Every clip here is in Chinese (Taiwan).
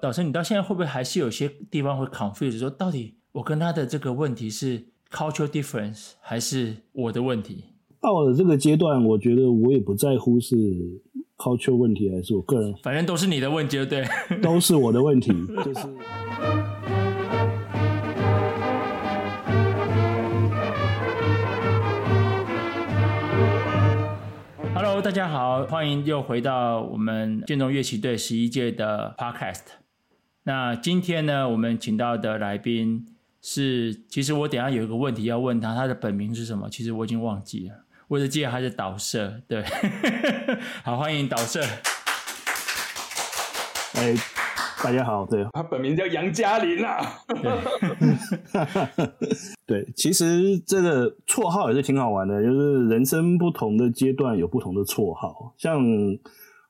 倒社，你到現在會不會還是有些地方會 confuse？說到底，我跟他的這個問題是 cultural difference 還是我的問題？到了這個階段，我覺得我也不在乎是 cultural 問題還是我個人，反正都是你的問題，對，都是我的問題， 就是。 大家好，歡迎又回到我們建中樂旗隊十一屆的 Podcast。那今天呢，我們請到的來賓是，其實我等下有一個問題要問他，他的本名是什麼？其實我已經忘記了，我只記得他是倒社。對， 好，歡迎倒社。Hey. 大家好，對，他本名叫楊嘉玲啊。對， 對，其實這個綽號也是挺好玩的，就是人生不同的階段有不同的綽號。像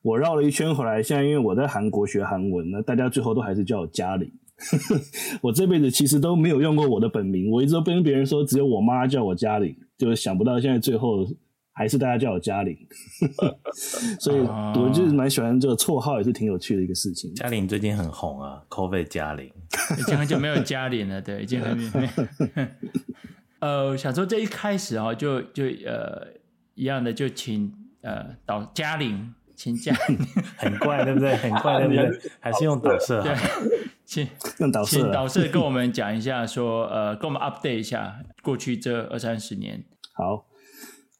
我繞了一圈回來，現在因為我在韓國學韓文，那大家最後都還是叫我嘉玲。 我這輩子其實都沒有用過我的本名，我一直都跟別人說，只有我媽叫我嘉玲，就是想不到現在最後。還是大家叫我嘉玲，所以我就是蠻喜歡這個綽號，也是挺有趣的一個事情。嘉玲最近很紅啊，COVID 嘉玲已經很久沒有嘉玲了，對，已經很久沒有。呃，想說這一開始啊，就就呃一樣的，就請呃倒嘉玲，請嘉玲，很怪對不對？很怪對不對？還是用倒社對，請用倒請倒社跟我們講一下，說呃，跟我們 update 一下過去這二三十年，好。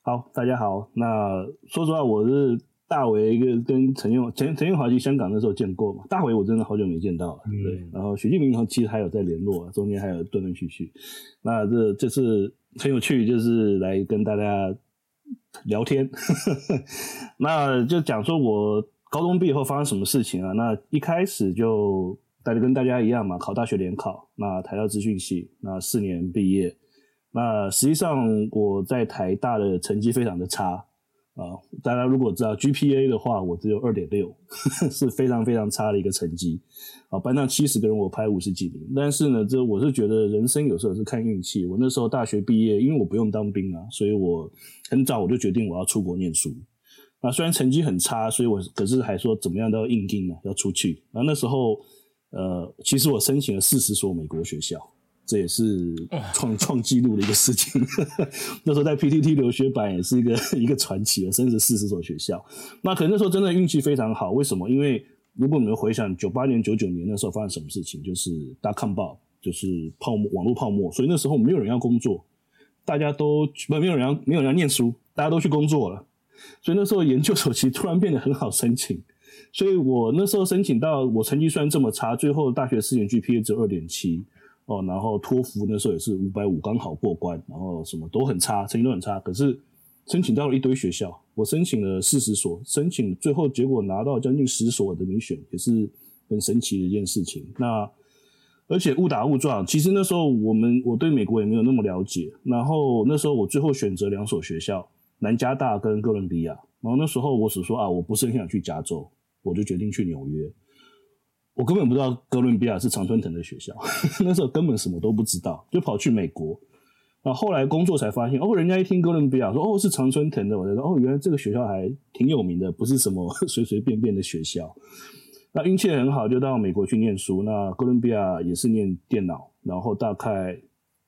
好，大家好。那說實話，我是大為，跟陳永，陳陳永華去香港的時候見過嘛。大為我真的好久沒見到了。嗯、對。然後徐敬明和其實還有在聯絡，中間還有斷斷續續。那這這次、就是、很有趣，就是來跟大家聊天。呵呵呵。那就講說我高中畢業後發生什麼事情啊？那一開始就大家跟大家一樣嘛，考大學聯考，那台大資訊系，那四年畢業。那實際上我在台大的成績非常的差啊，呃，大家如果知道 GPA 的話，我只有二點六，是非常非常差的一個成績啊，呃。班上七十個人，我排五十幾名。但是呢，這我是覺得人生有時候是看運氣。我那時候大學畢業，因為我不用當兵啊，所以我很早我就決定我要出國念書。那、呃、雖然成績很差，所以我可是還說怎麼樣都要硬進呢，要出去。然後那時候，呃，其實我申請了四十所美國學校。這也是創創紀錄的一個事情。 那時候在 PTT 留學版也是一個一個傳奇啊，甚至四十所學校。那可能那時候真的運氣非常好。為什麼？因為如果你們回想九八年、九九年那時候發生什麼事情，就是大看爆，就是泡沫網絡泡沫。所以那時候沒有人要工作，大家都沒有人要沒有人要念書，大家都去工作了。所以那時候研究所其實突然變得很好申請。所以我那時候申請到，我成績雖然這麼差，最後大學四年 GPA 只有二點七。哦，然後托福那時候也是五百五，剛好過關，然後什麼都很差，成績都很差，可是申請到了一堆學校，我申請了四十所，申請最後結果拿到將近十所的沒選，也是很神奇的一件事情。那而且誤打誤撞，其實那時候我們我對美國也沒有那麼了解，然後那時候我最後選擇兩所學校，南加大跟哥倫比亞，然後那時候我只說啊，我不是很想去加州，我就決定去紐約。我根本不知道哥倫比亞是常春藤的學校， 那時候根本什麼都不知道，就跑去美國。啊，後來工作才發現，哦，人家一聽哥倫比亞，說哦是常春藤的，我就說哦，原來這個學校還挺有名的，不是什麼隨隨便便的學校。那運氣很好，就到美國去念書。那哥倫比亞也是念電腦，然後大概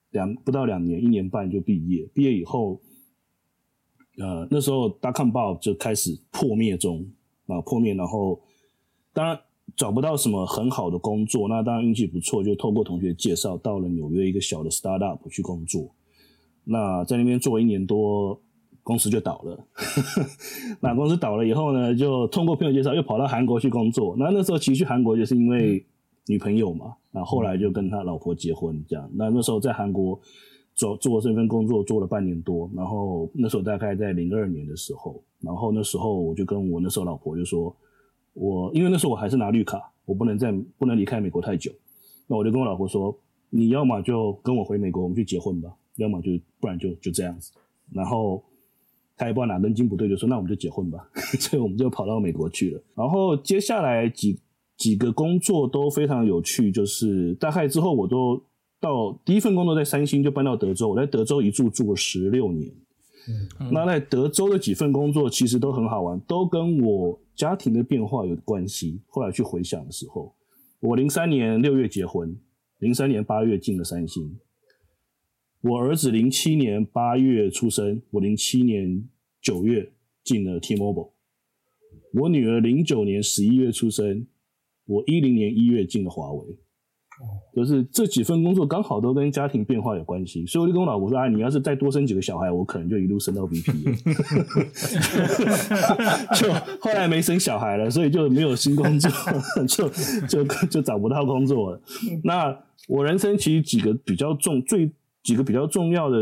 兩，不到兩年，一年半就畢業。畢業以後，呃，那時候大看報就開始破滅中啊破滅，然後當然。找不到什麼很好的工作，那當然運氣不錯，就透過同學介紹到了紐約一個小的 startup 去工作。那在那邊做一年多，公司就倒了。 那公司倒了以後呢，就通過朋友介紹又跑到韓國去工作。那那時候其實去韓國就是因為女朋友嘛，那後來就跟他老婆結婚這樣。那那時候在韓國做做這份工作做了半年多，然後那時候大概在零二年的時候，然後那時候我就跟我那時候老婆就說。我因為那時候我還是拿綠卡，我不能再不能離開美國太久。那我就跟我老婆說，你要麼就跟我回美國，我們去結婚吧；要麼就不然就就這樣子。然後他也不知道哪根筋不對，就說，那我們就結婚吧。 所以我們就跑到美國去了。然後接下來幾幾個工作都非常有趣，就是大概之後我都到第一份工作在三星就搬到德州，我在德州一住住了十六年。那在德州的幾份工作其實都很好玩，都跟我家庭的變化有關係，後來去回想的時候，我零三年六月結婚，零三年八月進了三星。我兒子零七年八月出生，我零七年九月進了 T-Mobile。我女兒零九年十一月出生，我一零年一月進了華為。就是這幾份工作剛好都跟家庭變化有關係，所以我就跟我老婆說：“啊，你要是再多生幾個小孩，我可能就一路升到 VP。” 就後來沒生小孩了，所以就沒有新工作， 就就就，就找不到工作了。那我人生其實幾個比較重、最幾個比較重要的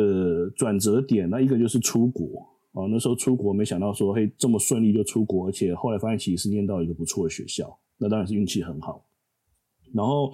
轉折點，那一個就是出國。哦，那時候出國沒想到說，嘿，這麼順利就出國，而且後來發現其實是念到一個不錯的學校，那當然是運氣很好。然後。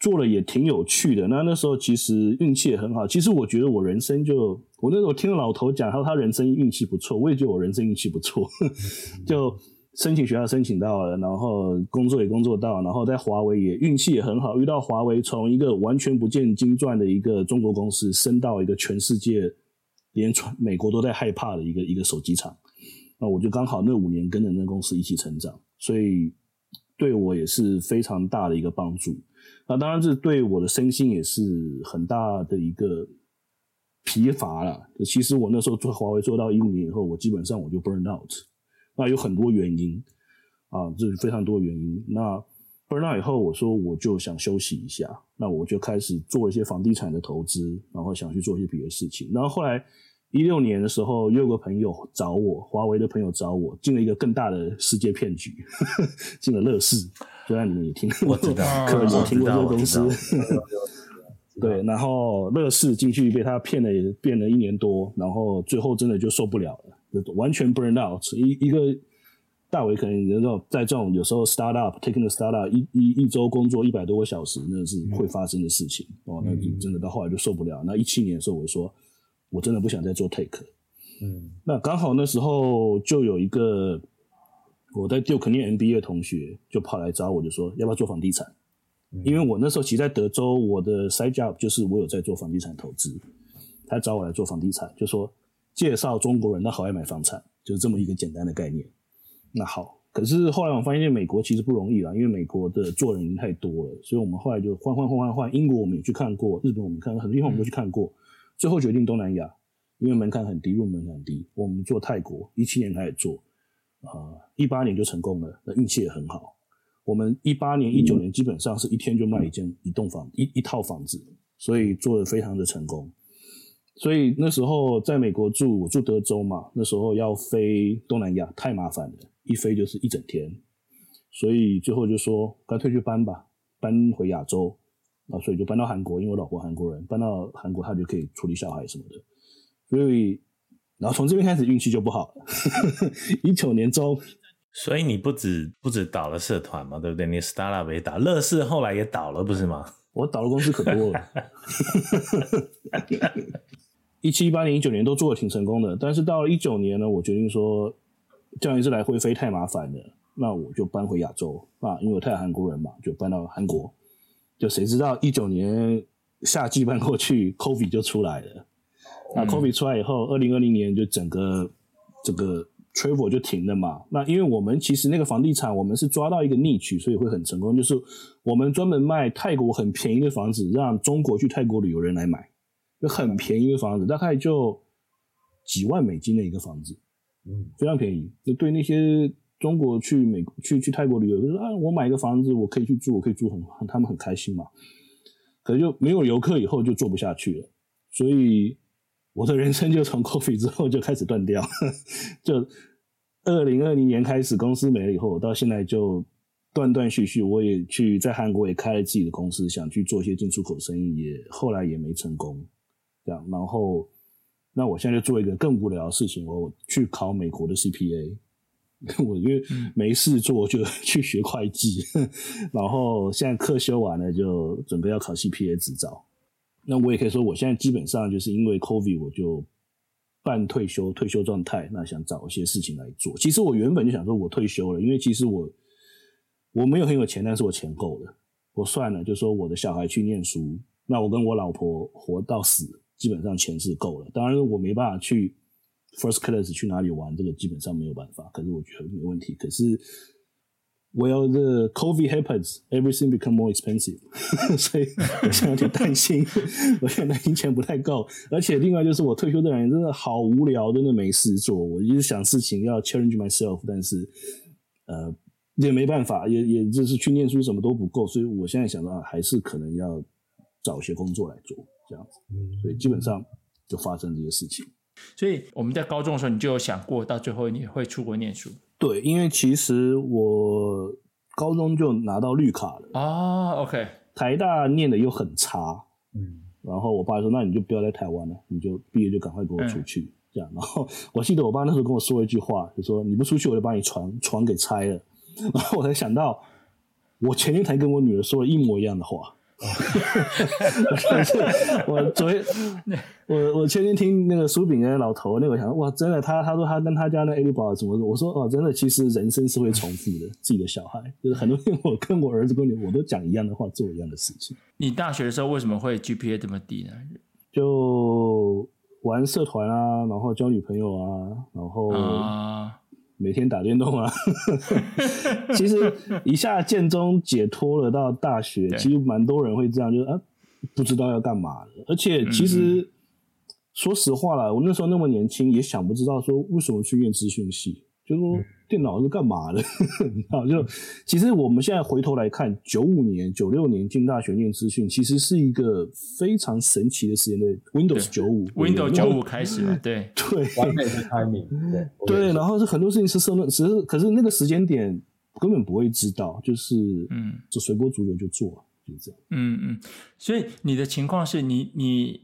做了也挺有趣的。那那時候其實運氣也很好。其實我覺得我人生就我那時候我聽老頭講，他說他人生運氣不錯，我也覺得我人生運氣不錯。 就申請學校申請到了，然後工作也工作到，然後在華為也運氣也很好，遇到華為從一個完全不見經傳的一個中國公司，升到一個全世界連美國都在害怕的一個一個手機廠。那我就剛好那五年跟著那公司一起成長，所以對我也是非常大的一個幫助。那當然這對我的身心也是很大的一個疲乏了。其實我那時候做華為做到一五年以後，我基本上我就 burn out，那有很多原因啊，這、就是非常多原因。那 burn out 以後，我說我就想休息一下，那我就開始做一些房地產的投資，然後想去做一些別的事情。然後後來一六年的時候，又有個朋友找我，華為的朋友找我，進了一個更大的世界騙局，呵呵，進了樂視。雖然、啊、你們也聽過，我知道，可能我聽過這個公司。 對，道然後樂視進去被他騙了，也騙了一年多，然後最後真的就受不了了，完全 burn out 一。一一個大偉可能你知道，在這種有時候 startup taking the startup，一一一周工作一百多個小時，那是會發生的事情、嗯、哦。那就真的到後來就受不了了。那一七年的時候我就，我說我真的不想再做 take。嗯，那剛好那時候就有一個。我在就肯定 NBA 的同學就跑來找我，就說要不要做房地產？因為我那時候其實在德州，我的 side job 就是我有在做房地產投資。他找我來做房地產，就說介紹中國人，到海外買房產，就是這麼一個簡單的概念。那好，可是後來我發現美國其實不容易了，因為美國的做人已經太多了，所以我們後來就換換換換換。英國我們也去看過，日本我們看很多地方我們都去看過。最後決定東南亞，因為門檻很低，入門很低。我們做泰國，一七年開始做。啊，uh, 一八年就成功了，那運氣也很好。我們一八年、一九年基本上是一天就賣一間、嗯、一棟房、一一套房子，所以做得非常的成功。所以那時候在美國住，我住德州嘛，那時候要飛東南亞太麻煩了，一飛就是一整天，所以最後就說乾脆去搬吧，搬回亞洲啊，uh, 所以就搬到韓國，因為我老婆韓國人，搬到韓國她就可以處理小孩什麼的，所以。然後從這邊開始運氣就不好了。一 九年中，所以你不只不只倒了社團嘛，對不對？你 Startup 也倒，樂視後來也倒了，不是嗎？我倒的公司可多了。一七、一八年、一九年都做的挺成功的，但是到了一九年呢，我決定說，這樣一次來回飛太麻煩了，那我就搬回亞洲啊，因為我太韓國人嘛，就搬到韓國。就誰知道一九年夏季搬過去，COVID 就出來了。那 COVID 出來以後，二零二零年就整個這個 travel 就停了嘛。那因為我們其實那個房地產，我們是抓到一個 niche，所以會很成功。就是我們專門賣泰國很便宜的房子，讓中國去泰國旅遊人來買，就很便宜的房子，大概就幾萬美金的一個房子，嗯，非常便宜。就對那些中國去美國去去泰國旅遊，就是啊，我買一個房子，我可以去住，我可以住很他們很開心嘛。可是就沒有遊客以後就做不下去了，所以。我的人生就從 coffee 之後就開始斷掉， 就二零二零年開始公司沒了以後，我到現在就斷斷續續。我也去在韓國也開了自己的公司，想去做一些進出口生意，也後來也沒成功。這樣，然後那我現在就做一個更無聊的事情，我去考美國的 CPA。 我因為沒事做，就去學會計。 然後現在課修完了，就準備要考 CPA 執照。那我也可以說，我現在基本上就是因為 COVID，我就半退休退休狀態。那想找一些事情來做。其實我原本就想說，我退休了，因為其實我我沒有很有錢，但是我錢夠了。我算了，就說我的小孩去念書，那我跟我老婆活到死，基本上錢是夠了。當然，我沒辦法去 first class 去哪裡玩，這個基本上沒有辦法。可是我覺得沒問題。可是。我要是 COVID happens，everything become more expensive， 所以我現在有點擔心， 我現在擔心錢不太夠，而且另外就是我退休這兩年真的好無聊，真的沒事做，我一直想事情要 challenge myself，但是呃也沒辦法，也也就是去念書什麼都不夠，所以我現在想到還是可能要找一些工作來做這樣子，所以基本上就發生這些事情。所以我們在高中的時候，你就有想過到最後你會出國念書？對，因為其實我高中就拿到綠卡了啊。OK，台大念的又很差，嗯。然後我爸說：“那你就不要來台灣了，你就畢業就趕快給我出去。嗯”這樣。然後我記得我爸那時候跟我說一句話，就說：“你不出去，我就把你床床給拆了。”然後我才想到，我前一天才跟我女兒說了一模一樣的話。 我昨天我，我我前天聽那個蘇炳添老頭，那個我想，哇，真的，他他說他跟他家那 A 寶怎麼說，我說哦，真的，其實人生是會重複的。 自己的小孩就是很多天，我跟我兒子、跟女，我都講一樣的話，做一樣的事情。你大學的時候為什麼會 GPA 這麼低呢？就玩社團啊，然後交女朋友啊，然後、啊每天打電動啊， 其實一下建中解脫了到大學， 其實蠻多人會這樣，就是啊不知道要幹嘛的。而且其實嗯嗯說實話啦，我那時候那麼年輕，也想不知道說為什麼去念資訊系，就是、說。嗯電腦是幹嘛的？你知道，就其實我們現在回頭來看，九五年、九六年進大學念資訊，其實是一個非常神奇的時間段。Windows 九五，Windows 九五開始嘛？對對，完美的開明。對，然後是很多事情是受那，只是可是那個時間點根本，本不會知道，就是嗯，就隨波逐流就做，就這樣。嗯嗯，所以你的情況是你你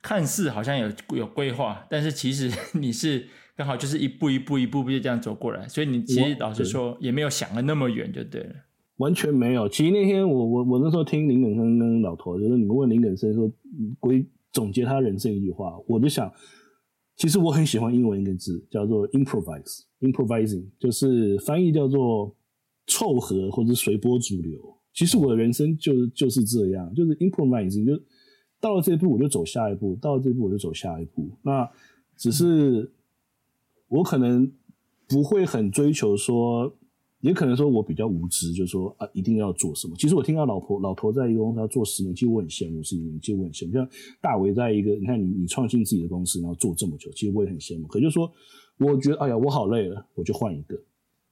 看似好像有有規劃，但是其實你是。剛好就是一步一步一步一步就這樣走過來，所以你其實老實說也沒有想得那麼遠就對了，對，完全沒有。其實那天我我我那時候聽林耿生跟老頭，就是你們問林耿生說，歸總結他人生一句話，我就想，其實我很喜歡英文一個字叫做 im improvise，improvising，就是翻譯叫做湊合或者隨波逐流。其實我的人生就就是這樣，就是 improvising，就到了這一步我就走下一步，到了這一步我就走下一步，那只是。嗯我可能不會很追求說，也可能說我比較無知，就是說啊，一定要做什麼。其實我聽到老婆老婆在一個公司要做十年，其實我很羨慕，十幾年，其實我很羨慕。像大偉在一個，你看你你創新自己的公司，然後做這麼久，其實我也很羨慕。可是就是說，我覺得哎呀，我好累了，我就換一個。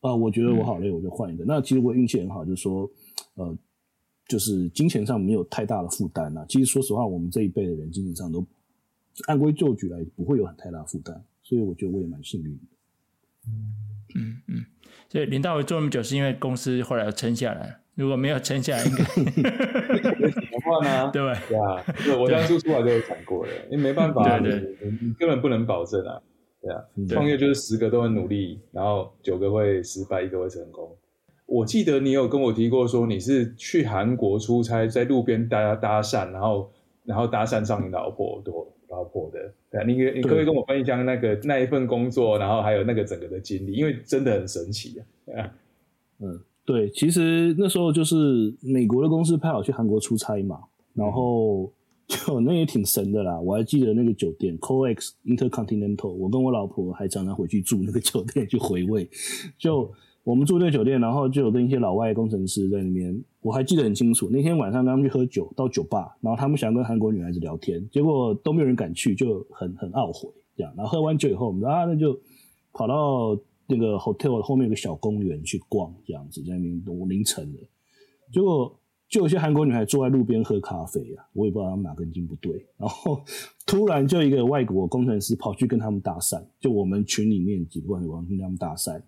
啊，我覺得我好累，我就換一個。嗯、那其實我運氣很好，就是說，呃，就是金錢上沒有太大的負擔啊。其實說實話，我們這一輩的人，金錢上都按規就矩來，不會有很太大負擔。所以我覺得我也蠻幸運的嗯嗯。嗯嗯，所以林大偉做那麼久，是因為公司後來要撐下來，如果沒有撐下來，應該沒怎麼辦呢？對 yeah, 對啊，我當初出來就有慘過了，因為沒辦法，你對你根本不能保證啊。對啊，創業就是十個都很努力，然後九個會失敗，一個會成功。我記得你有跟我提過，說你是去韓國出差，在路邊大家搭訕，然後然後搭訕上你老婆，對。對包括的，對、啊，你可你可不可以跟我分享那個對那一份工作，然後還有那個整個的經歷？因為真的很神奇啊！啊嗯，對，其實那時候就是美國的公司派我去韓國出差嘛，嗯、然後就那也挺神的啦。我還記得那個酒店，COEX InterContinental，我跟我老婆還常常回去住那個酒店去回味，就。嗯我們住在那酒店，然後就有跟一些老外的工程師在那邊，我還記得很清楚。那天晚上跟他們去喝酒，到酒吧，然後他們想跟韓國女孩子聊天，結果都沒有人敢去，就很很懊悔這樣。然後喝完酒以後，我們啊那就跑到那個 hotel 後面有個小公園去逛，這樣子在那邊凌晨了，結果就有些韓國女孩坐在路邊喝咖啡呀，我也不知道他們哪根筋不對。然後突然就一個外國工程師跑去跟他們搭訕，就我們群裡面幾個人跑去跟他們搭訕。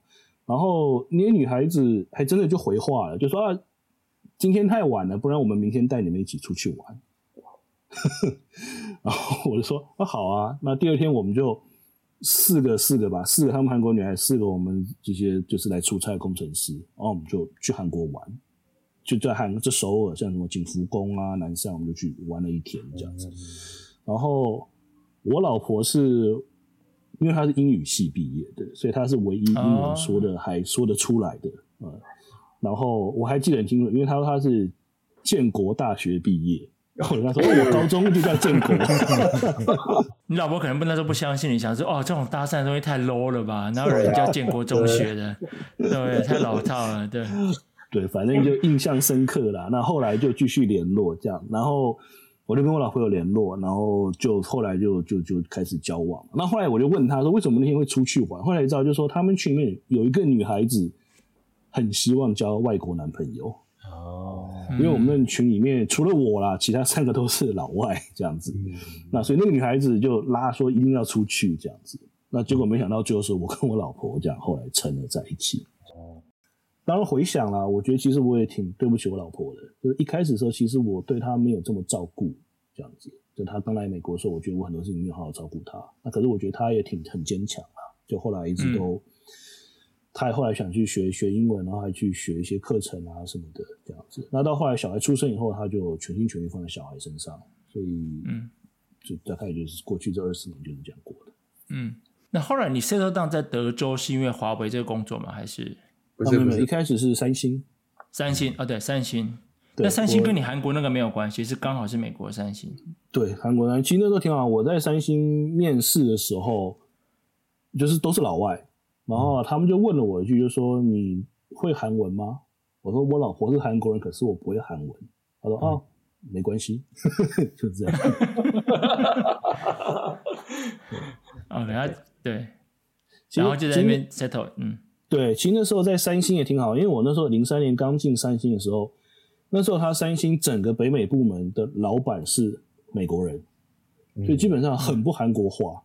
然後那些女孩子還真的就回話了，就說啊，今天太晚了，不然我們明天帶你們一起出去玩。 然後我就說啊，好啊，那第二天我們就四個四個吧，四個他們韓國女孩，四個我們這些就是來出差的工程師，然後我們就去韓國玩，就在韓國這首爾，像什麼景福宮啊、南山，我們就去玩了一天這樣子。嗯、然後我老婆是。因為他是英語系畢業的，所以他是唯一英文說的還說得出來的、哦嗯。然後我還記得很清楚，因為他說他是建國大學畢業，然後人家說我高中就在建國。你老婆可能那時候不相信你，想說哦，這種搭訕的東西太 low 了吧？然後人家建國中學的，對，啊、對，對，太老套了。對對，反正就印象深刻啦。那後來就繼續聯絡這樣，然後。我就跟我老婆有聯絡，然後就後來就就就開始交往。那後來我就問他說，為什麼那天會出去玩？後來知道，就說，他們群裡面有一個女孩子很希望交外國男朋友哦，因為我們群裡面除了我啦，嗯、其他三個都是老外這樣子。嗯、那所以那個女孩子就拉說一定要出去這樣子。那結果沒想到最後是我跟我老婆這樣後來成了在一起。當然回想啦、啊，我覺得其實我也挺對不起我老婆的。就是一開始的時候，其實我對她沒有這麼照顧，這樣子。就她剛來美國的時候，我覺得我很多事情沒有好好照顧她。那可是我覺得她也挺很堅強啊。就後來一直都，嗯、她後來想去學學英文，然後還去學一些課程啊什麼的，這樣子。那到後來小孩出生以後，她就全心全意放在小孩身上。所以，嗯，就大概就是過去這二十年就是這樣過的。嗯，那後來你 settle down 在德州是因為華為這個工作嗎？還是？一開始是三星，三星啊、嗯哦，對，三星。那對三星跟你韓國那個沒有關係，是我剛好是美國三星。對，韓國三星其實那時候挺好。我在三星面試的時候，就是都是老外，然後他們就問了我一句，就說你會韓文嗎？我說我老婆是韓國人，可是我不會韓文。他說、嗯、哦，沒關係， 就這樣。哦，等下，對，然後就在那邊 settle，嗯。對，其實那時候在三星也挺好，因為我那時候零三年剛進三星的時候，那時候他三星整個北美部門的老闆是美國人，所以、嗯、基本上很不韓國化。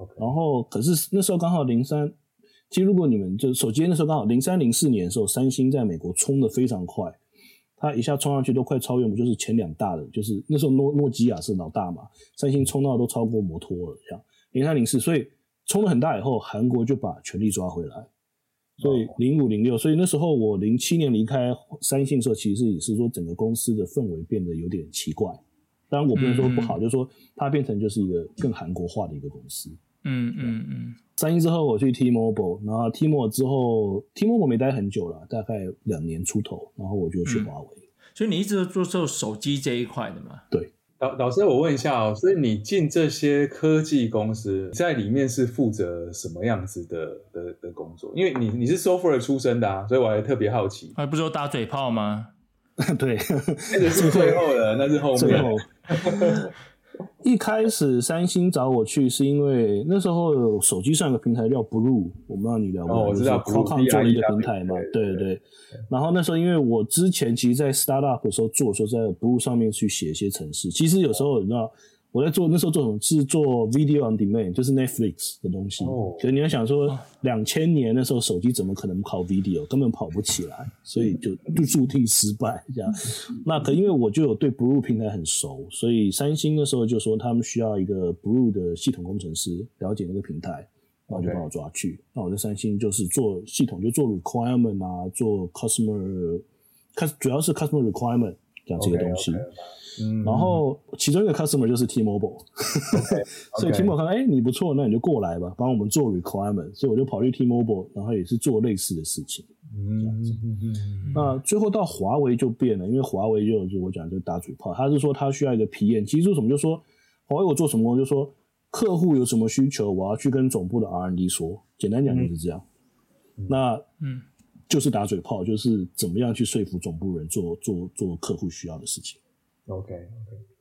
嗯、然後，可是那時候剛好零三，其實如果你們就是手機那時候剛好零三零四年的時候，三星在美國衝得非常快，他一下衝上去都快超越，不就是前兩大的，就是那時候諾諾基亞是老大嘛，三星衝到的都超過摩托了，這樣零三零四，所以衝了很大以後，韓國就把權力抓回來。所以零五零六，0 5, 0 6, 所以那時候我零七年離開三星的時候，其實也是說整個公司的氛圍變得有點奇怪。當然我不能說不好，嗯嗯，就是說它變成就是一個更韓國化的一個公司。嗯嗯嗯。三星之後我去 T Mobile，然後 T Mobile 之後 T Mobile 沒待很久了，大概兩年出頭，然後我就去華為。嗯、所以你一直都做做手機這一塊的嘛？對。老，老師，我問一下哦，所以你進這些科技公司，在裡面是負責什麼樣子的的，的工作？因為你你是 software 出身的啊，所以我還特別好奇。他不說打嘴炮嗎？ 對，那是最後的，那是後面。是的 一開始三星找我去是因為那時候手機上的平台叫 Blue，我不知道你聊過，就、哦、我知道 Blue 做了一個平台嘛。對對，對。對對對。然後那時候因為我之前其實，在 Startup 的時候做的時候在 Blue 上面去寫一些程式，其實有時候你知道。我在做那時候做什麼是做 video on demand，就是 Netflix 的東西。Oh. 可是你要想說，兩千年的時候手機怎麼可能跑 video，根本跑不起來，所以就注定失敗這樣。 那可因為我就有對 Blue 平台很熟，所以三星的時候就說他們需要一個 Blue 的系統工程師，了解那個平台，然後就把我抓去。Okay. 那我在三星就是做系統，就做 requirement 啊，做 customer，主主要是 customer requirement 這樣這個東西。Okay, okay. 嗯、然後其中一個 customer 就是 T Mobile，Okay. 所以 T Mobile 看到，哎、欸，你不錯，那你就過來吧，幫我們做 requirement。所以我就跑去 T Mobile，然後也是做類似的事情，這樣子。嗯嗯、那最後到華為就變了，因為華為就就我講就打嘴炮，他是說他需要一個 P M，其實做什麼，就說華為我做什麼，就說客戶有什麼需求，我要去跟總部的 R N D 說，簡單講就是這樣。那嗯，那嗯就是打嘴炮，就是怎麼樣去說服總部人做做做客戶需要的事情。OK OK，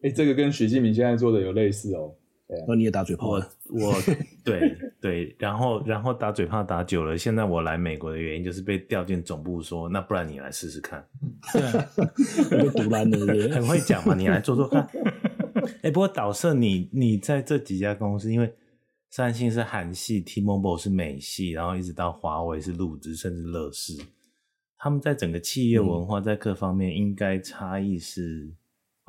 哎，這個跟徐敬明現在做的有類似哦。那、啊哦、你也打嘴炮了？我，我對對，然後然後打嘴炮打久了，現在我來美國的原因就是被調進總部說，說那不然你來試試看。對、啊， 被毒男的很會講嘛，你來做做看。哎， 不過倒社你你在這幾家公司，因為三星是韓系，T-Mobile 是美系，然後一直到華為是陸資，甚至樂視，他們在整個企業文化在各方面、嗯、應該差異是。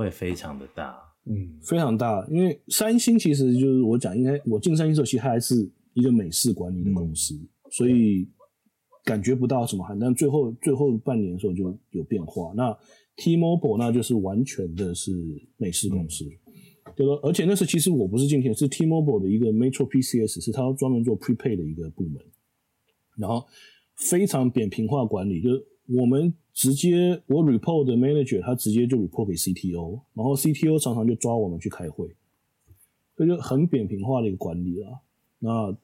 會非常的大，嗯，非常大，因為三星其實就是我講，應該我進三星的時候，其實它還，還是一個美式管理的公司，嗯、所以感覺不到什麼寒。但最後最後半年的時候就有變化。那 T-Mobile 那就是完全的是美式公司，嗯、對，而且那是其實我不是進去，是 T-Mobile 的一個 MetroPCS，是他專門做 Prepaid 的一個部門，然後非常扁平化管理，就是我們。直接我 report 的 manager，他直接就 report 給 CTO，然後 CTO 常常就抓我們去開會，這就很扁平化的一個管理了。那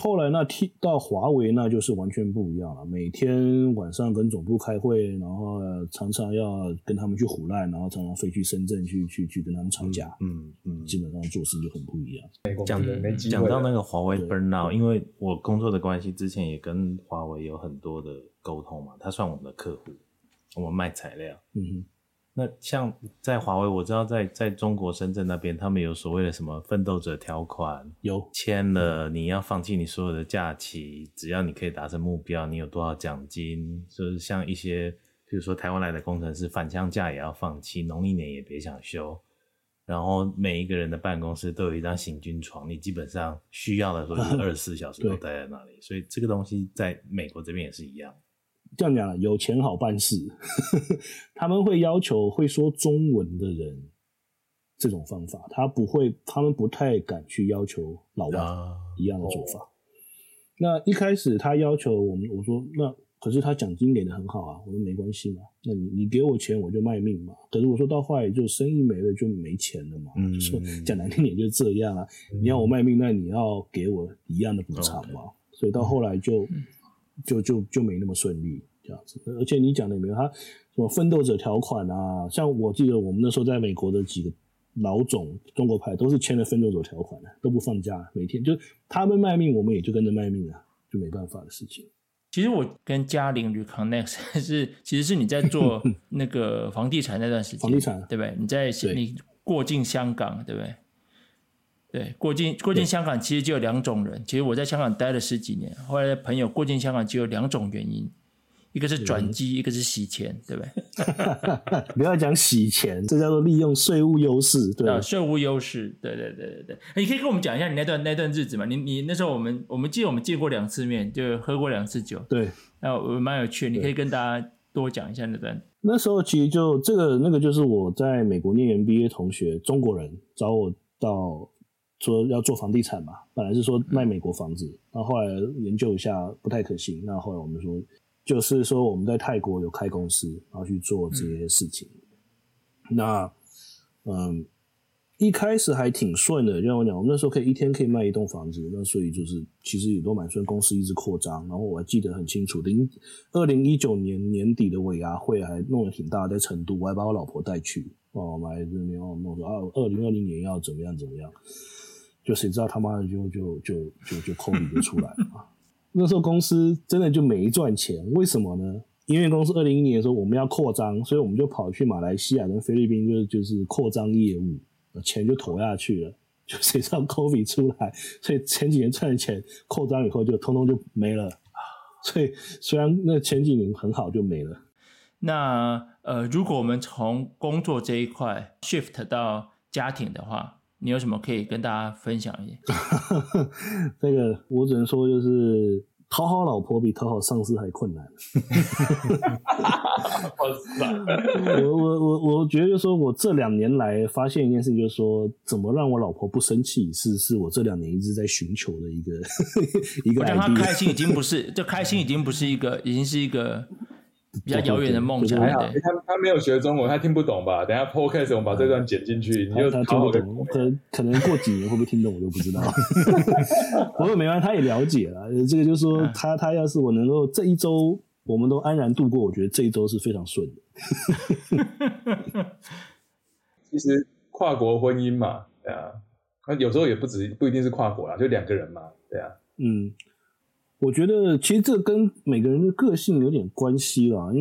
後來那 t 到華為，那就是完全不一樣了。每天晚上跟總部開會，然後常常要跟他們去唬爛，然後常常飛去深圳去去去跟他們吵架。嗯。嗯嗯，基本上做事就很不一樣。講的沒講到那個華為 burnout，對因為我工作的關係，之前也跟華為有很多的。溝通嘛，他算我們的客戶，我們賣材料。嗯哼，那像在華為，我知道在在中國深圳那邊，他們有所謂的什麼奮鬥者條款，有簽了，你要放棄你所有的假期，只要你可以達成目標，你有多少獎金。就是像一些，比如說台灣來的工程師，返鄉假也要放棄，農曆年也別想休。然後每一個人的辦公室都有一張行軍床，你基本上需要的時候，是二十四小時都待在那裡。 對所以這個東西在美國這邊也是一樣。這樣講了，有錢好辦事呵呵，他們會要求會說中文的人，這種方法，他不會，他們不太敢去要求老外一樣的做法。啊哦、那一開始他要求我們，我說那可是他獎金給的很好啊，我說沒關係嘛，那你你給我錢我就賣命嘛。可是我說到後來就生意沒了就沒錢了嘛，嗯、就說講難聽點就是這樣啊，嗯、你要我賣命那你要給我一樣的補償嘛。哦 okay、所以到後來就。嗯嗯就就就沒那麼順利這樣子，而且你講的也沒有他什麼奮鬥者條款啊，像我記得我們那時候在美國的幾個老總，中國派都是簽了奮鬥者條款的、啊，都不放假，每天就他們賣命，我們也就跟着賣命啊，就沒辦法的事情。其實我跟嘉玲 Reconnect 是，是其實是你在做那個房地產那段時間， 房地產、啊、對不對？你在對你過境香港，對不對？對，過境過境香港其實就有兩種人。對其實我在香港待了十幾年，後來的朋友過境香港就有兩種原因，一個是轉機，對一個是洗錢，對不對？ 不要講洗錢，這叫做利用稅務優勢。對，啊、稅務優勢。對對對對對、啊。你可以跟我們講一下你那段那段日子嗎？你你那時候我們我們記得我們見過兩次面，就喝過兩次酒。對，啊、我蠻有趣的。你可以跟大家多講一下那段。那時候其實就這個那個就是我在美國念 MBA 同學，中國人找我到。說要做房地產嘛，本來是說賣美國房子，嗯、然後後來研究一下不太可行，那後來我們就說就是說我們在泰國有開公司，然後去做這些事情。嗯，那嗯，一開始還挺順的，就像我講，我們那時候可以一天可以賣一棟房子，那所以就是其實也都蠻順，公司一直擴張。然後我還記得很清楚，零二零一九年年底的尾牙會還弄得挺大，在成都，我還把我老婆帶去哦，還是沒有弄說啊，二零二零年要怎麼樣怎麼樣。就誰知道他媽的就就就就就 COVID 就出來了啊！ 那時候公司真的就沒賺錢，為什麼呢？因為公司二零一一年的時候我們要擴張，所以我們就跑去馬來西亞跟菲律賓，就就是擴張業務，錢就投下去了。就誰知道 COVID 出來，所以前幾年賺的錢擴張以後就通通就沒了。所以雖然那前幾年很好，就沒了。那呃，如果我們從工作這一塊 shift 到家庭的話。你有什麼可以跟大家分享一下？ 這個我只能說，就是討好老婆比討好上司還困難。 我我我我覺得，就是說我這兩年來發現一件事就是說，怎麼讓我老婆不生氣，是是我這兩年一直在尋求的一個 一個。讓她開心已經不是，就開心已經不是一個，已經是一個。比較遙遠的夢想，對。他他沒有學中文，他聽不懂吧？等下 podcast 我們把這段剪進去，他就他就懂。可可能過幾年會不會聽懂，我就不知道。不過沒關係，他也了解了。這個就是說，他他要是我能夠這一周我們都安然度過，我覺得這一周是非常順的。其實跨國婚姻嘛，對啊，那有時候也不止不一定是跨國啦，就兩個人嘛，對啊，嗯。我覺得其實，這跟每個人的個性有點關係啦，因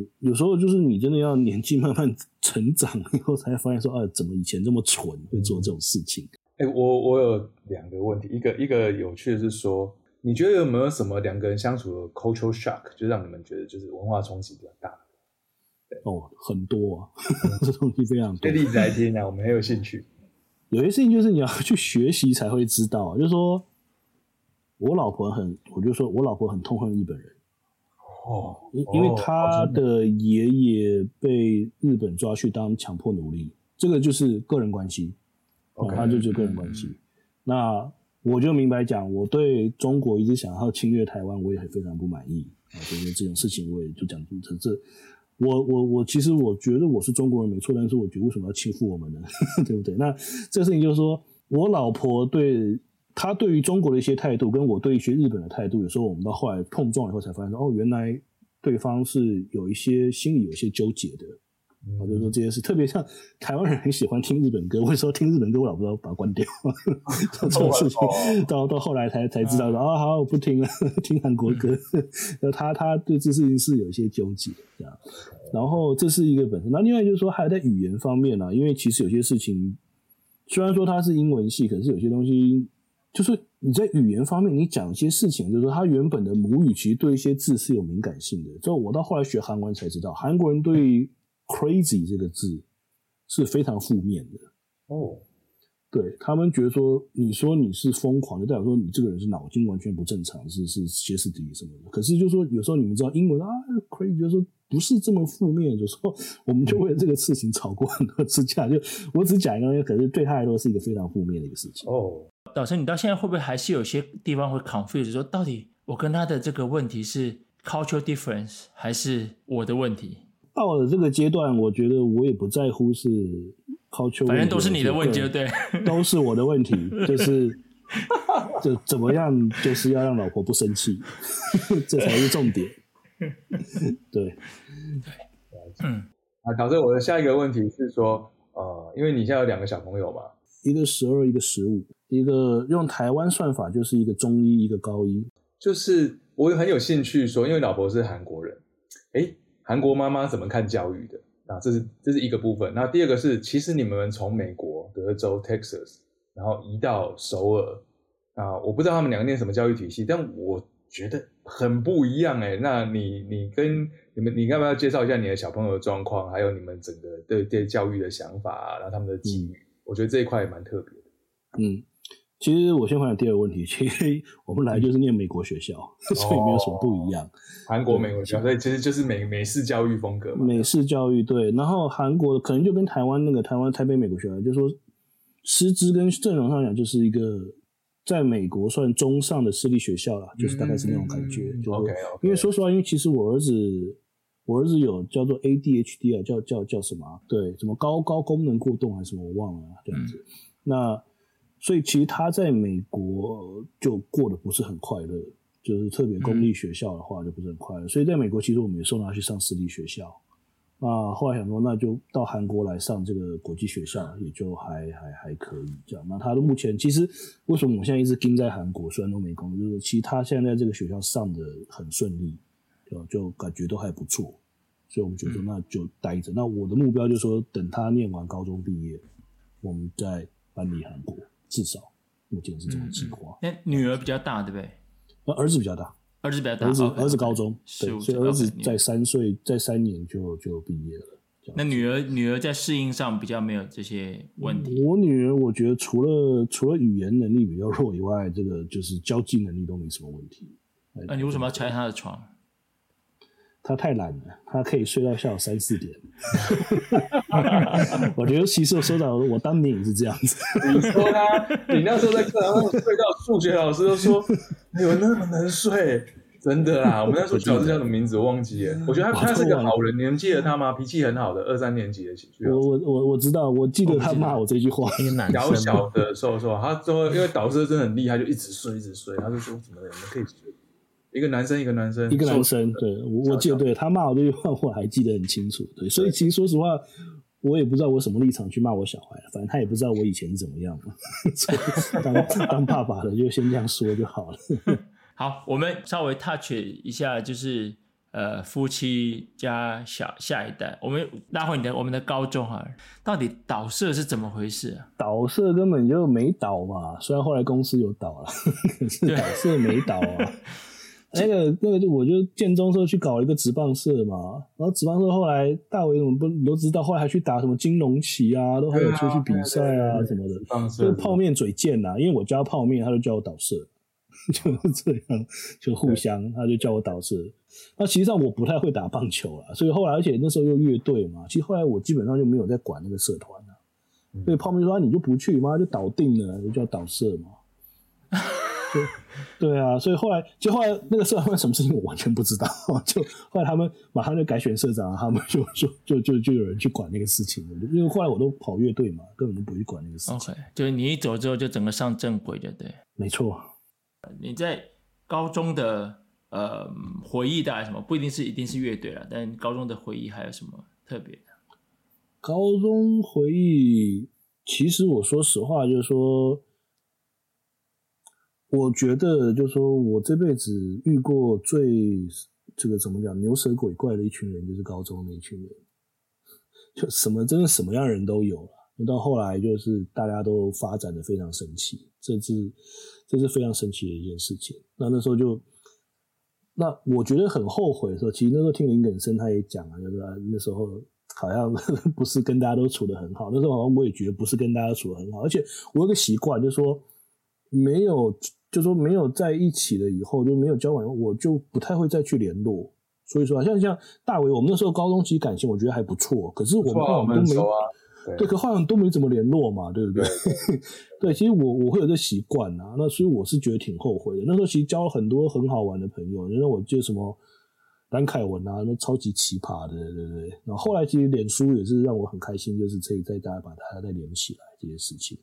為有時候就是你真的要年紀慢慢成長以後，才發現說啊，怎麼以前這麼蠢會做這種事情？哎、嗯欸，我我有兩個問題，一個一個有趣的是說，你覺得有沒有什麼兩個人相處的 cultural shock 就讓你們覺得就是文化衝擊比較大？哦，很多啊，嗯、 這東西非常多，舉例子來聽啊，我們很有興趣。有些事情就是你要去學習才會知道、啊，就是說。我老婆很，我就說，我老婆很痛恨日本人，哦，因因為他的爺爺被日本抓去當強迫奴隸，哦，這個就是個人關係他 Okay,、啊、就是個人關係。okay. 那我就明白講，我對中國一直想要侵略台灣，我也很非常不滿意啊，覺得這種事情我也就講這這，我我我其實我覺得我是中國人沒錯，但是我覺得為什麼要欺負我們呢？ 對不對？那這個事情就是說我老婆對。他對於中國的一些態度，跟我對一些日本的態度，有時候我們到後來碰撞以後，才發現說，哦，原來對方是有一些心裡有些糾結的。我、嗯嗯、就說這些事，特別像台灣人很喜歡聽日本歌，為什麼聽日本歌，我老不知道把它關掉，做這種 事情、哦、到後來才才知道說，啊、哦，好，我不聽了，聽韓國歌。那、嗯、 他他對這事情是有一些糾結的這樣。Okay. 然後這是一個本身，那另外就是說，還在語言方面呢、啊，因為其實有些事情，雖然說他是英文系，可是有些東西。就是你在語言方面，你講一些事情，就是說他原本的母語其實對一些字是有敏感性的。所以我到後來學韓文才知道，韓國人對 “crazy” 這個字是非常負面的哦。對，他們覺得說，你說你是瘋狂，就代表說你這個人是腦筋完全不正常，是是歇斯底里什麼的。可是就說有時候你們知道英文啊，crazy 就說不是這麼負面，就說我們就為了這個事情吵過很多次架。就我只講一個東西，因為可是對他來說是一個非常負面的一個事情。哦，老師，你到現在會不會還是有些地方會 confuse？說到底，我跟他的這個問題是 cultural difference 還是我的問題？到了這個階段，我覺得我也不在乎是。Culture 反正都是你的問題了，這個、對，都是我的問題， 就是，就怎麼樣，就是要讓老婆不生氣， 這才是重點， 對，對解，嗯，啊，導致我的下一個問題是說，呃，因為你現在有兩個小朋友嘛，一個十二，一個十五，一個用台灣算法，就是一個中一一個高一，就是我很有興趣說，因為老婆是韓國人，哎、欸，韓國媽媽怎麼看教育的？啊，這是這是一個部分。那第二個是，其實你們從美國德州 Texas，然後移到首爾，啊，我不知道他們兩個念什麼教育體系，但我覺得很不一樣哎。那你你跟你們，你要不要介紹一下你的小朋友的狀況，還有你們整個對對教育的想法，然後他們的機遇？嗯、我覺得這一塊也蠻特別的。嗯。其實我先回答第二個問題，其實我們來就是念美國學校，所以沒有什麼不一樣。哦、韓國美國學校，對，其實就是美美式教育風格嘛。美式教育，對。然後韓國的可能就跟台灣那個台灣台北美國學校，就是說師資跟陣容上講，就是一個在美國算中上的私立學校了，嗯、就是大概是那種感覺。OK，okay，因為說實話，因為其實我兒子，我兒子有叫做 ADHD 啊，叫叫叫什麼、啊？對，什麼高高功能過動還是什麼，我忘了這樣子。嗯、那。所以其實他在美國就過得不是很快樂，就是特別公立學校的話，就不是很快樂。所以在美國其實我們也送他去上私立學校，啊，後來想說那就到韓國來上這個國際學校，也就還還還可以這樣。那他的目前其實為什麼我現在一直盯在韓國，雖然都沒工作，就是其實他現在，在這個學校上的很順利，就就感覺都還不錯，所以我們就說那就待着。那我的目標就是說等他念完高中畢業，我們再搬離韓國。至少，目前是這麼計劃。哎、嗯嗯欸，女兒比較大，對不對？兒子比較大，兒子比較大，兒子兒子高中，歲對，所以兒子在三歲，歲，歲，在三年就就畢業了。那女兒，女兒在適應上比較沒有這些問題。我女兒，我覺得除了除了語言能力比較弱以外，這個就是交際能力都沒什麼問題。那、啊、你為什麼要拆她的床？他太懶了，他可以睡到下午三四點。 我覺得其實我說到我當年也是這樣子。你說他，你那時候在課堂上睡到數學老師都說，你 有那麼能睡？真的啦，我們那時候老師叫什麼名字我，我忘記了。是我覺得他他是個好人，你們記得他嗎？是脾氣很好的二三年級的我我我我知道，我記得他罵我這句話，一個男生。 小小的說說，他說因為導師真的很厲害，他就一直睡一直睡，他就說怎麼你們可以。一個，一個男生，一個男生，一個男生，對我我記得，笑笑對他罵我這句話，我還記得很清楚。對，所以其實說實話，我也不知道我什麼立場去罵我小孩，反正他也不知道我以前怎麼樣 當 當爸爸的，就先這樣說就好了。 好，我們稍微 touch 一下，就是呃，夫妻加小下一代，我們拉回你的我們的高中啊，到底倒社是怎麼回事，啊？倒社根本就沒倒嘛，雖然後來公司有倒了，啊，可是倒社沒倒啊。對 那個是那個，那個、就我就建中時候去搞了一個職棒社嘛，然後職棒社後來大偉怎麼不，你都知道，後來還去打什麼金龍旗啊，都還有出去比賽啊什麼的。是就是泡麵嘴賤啊，因為我教泡麵，他就叫我倒社，嗯、 就是這樣，就互相，對他就叫我倒社。那其實上我不太會打棒球啊，所以後來，而且那時候又樂隊嘛，其實後來我基本上就沒有在管那個社團了、啊。所以泡麵說、啊、你就不去嘛，他就倒定了，就叫倒社嘛。嗯就 對啊，所以後來就後來那個社長辦什麼事情我完全不知道。就後來他們馬上就改選社長，他們就就就就有人去管那個事情，因為後來我都跑樂隊嘛，根本就不去管那個事情。OK，就是你一走之後就整個上正軌，對對。沒錯，你在高中的呃回憶帶來什麼？不一定是一定是樂隊了，但高中的回憶還有什麼特別的？高中回憶，其實我說實話就是說。我覺得就說我這輩子遇過最這個怎麼講牛蛇鬼怪的一群人，就是高中那群人，就什麼真的什麼樣人都有了、啊。那到後來就是大家都發展得非常神奇，這是這是非常神奇的一件事情。那那時候就那我覺得很後悔的時候，其實那時候聽林耿生他也講啊，就是、啊、那時候好像不是跟大家都處得很好，那時候好像我也覺得不是跟大家都處得很好，而且我有一個習慣就是說沒有。就說沒有在一起了，以後就沒有交往，我就不太會再去聯絡。所以說，像像大為，我們那時候高中其實感情，我覺得還不錯。可是我、啊、對，對，可是好像都沒怎麼聯絡嘛，對不對？對， 對，其實我我會有這習慣啊。那所以我是覺得挺後悔的。那時候其實交了很多很好玩的朋友，那我就什麼蘭凱文啊，那超級奇葩的，對不對，對？那後，後來其實臉書也是讓我很開心，就是可以在大家把他再連起來這些事情。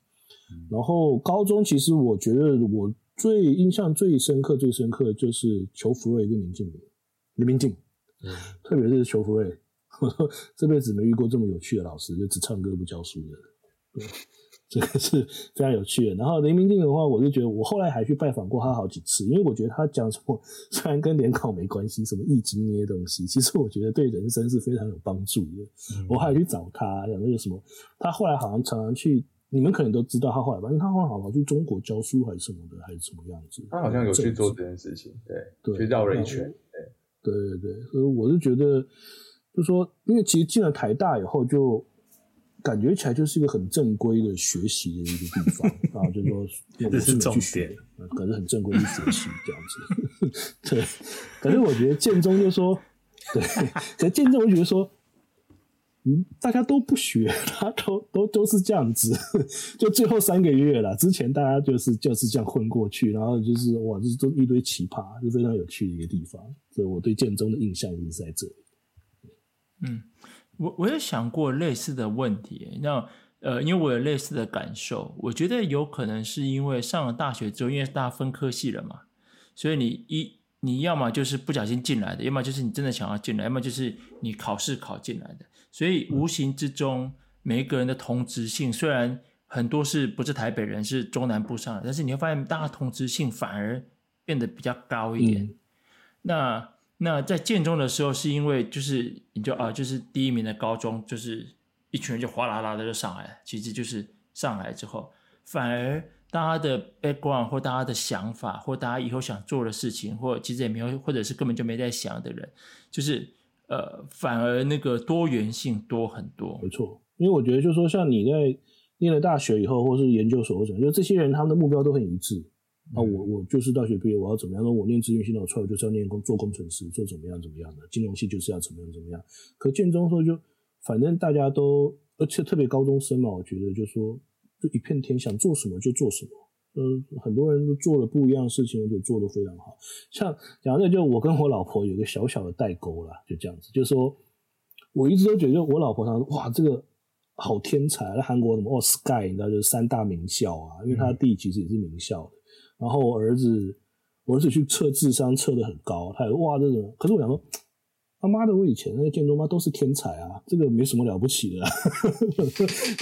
嗯、然後高中其實我覺得我。最印象最深刻、最深刻的就是裘福瑞跟林明靜，林明靜，嗯，特別是裘福瑞，我說這輩子沒遇過這麼有趣的老師，就只唱歌不教書的，對。這個是非常有趣的。然後林明靜的話，我就覺得我後來還去拜訪過他好幾次，因為我覺得他講什麼雖然跟聯考沒關係，什麼易經那些東西，其實我覺得對人生是非常有幫助的。嗯，我還去找他，講那個什麼，他後來好像常常去。你們可能都知道他後來吧，因為他後來好像去中國教書還是什麼的，還是什麼樣子。他好像有去做這件事情，治對，去繞了一圈，對，對對對。所以我是覺得，就是說，因為其實進了台大以後，就感覺起來就是一個很正規的學習的一個地方啊。就是說，我們是去學，可是很正規去學習這樣子。 對，可是我覺得建中就說，對，可是 建中我覺得說。嗯，大家都不學，他都都都是這樣子，就最後三個月了。之前大家就是就是這樣混過去，然後就是哇，這都一堆奇葩，就非常有趣的一個地方。所以我對建中的印象就是在這裡。嗯，我我有想過類似的問題，那呃，因為我有類似的感受，我覺得有可能是因為上了大學之後，因為大家分科系了嘛，所以你一你要麼就是不小心進來的，要麼就是你真的想要進來，要麼就是你考試考進來的。所以無形之中，每一個人的同質性雖然很多是不是台北人，是中南部上來，但是你會發現大家同質性反而變得比較高一點。嗯、那那在建中的時候，是因為就是你就啊，就是第一名的高中，就是一群人就嘩啦啦的就上來了。其實就是上來之後，反而大家的 background 或大家的想法或大家以後想做的事情，或其實也沒有，或者是根本就沒在想的人，就是。呃，反而那個多元性多很多。沒錯，因為我覺得就是說，像你在念了大學以後，或是研究所或，或者就這些人，他們的目標都很一致。那、嗯啊、我我就是大學畢業，我要怎麼樣？那我念資訊系，我出來就是要念工做工程師，做怎麼樣怎麼樣的？金融系就是要怎麼樣怎麼樣？可建中說就反正大家都，而且特別高中生嘛，我覺得就是說，就一片天，想做什麼就做什麼。嗯，很多人都做了不一樣的事情，就做得非常好像。講這就我跟我老婆有個小小的代溝啦，就這樣子。就說我一直都覺得我老婆常，常說：“哇，這個好天才、啊，在韓國什麼哦、oh、SKY，你知道，就是三大名校啊。因為他弟其實也是名校的。嗯、然後我兒子，我兒子去測智商，測得很高。他也說：哇，這種，可是我想說。”他媽、啊、的，我以前那建中媽都是天才啊，這個沒什麼了不起的、啊呵呵，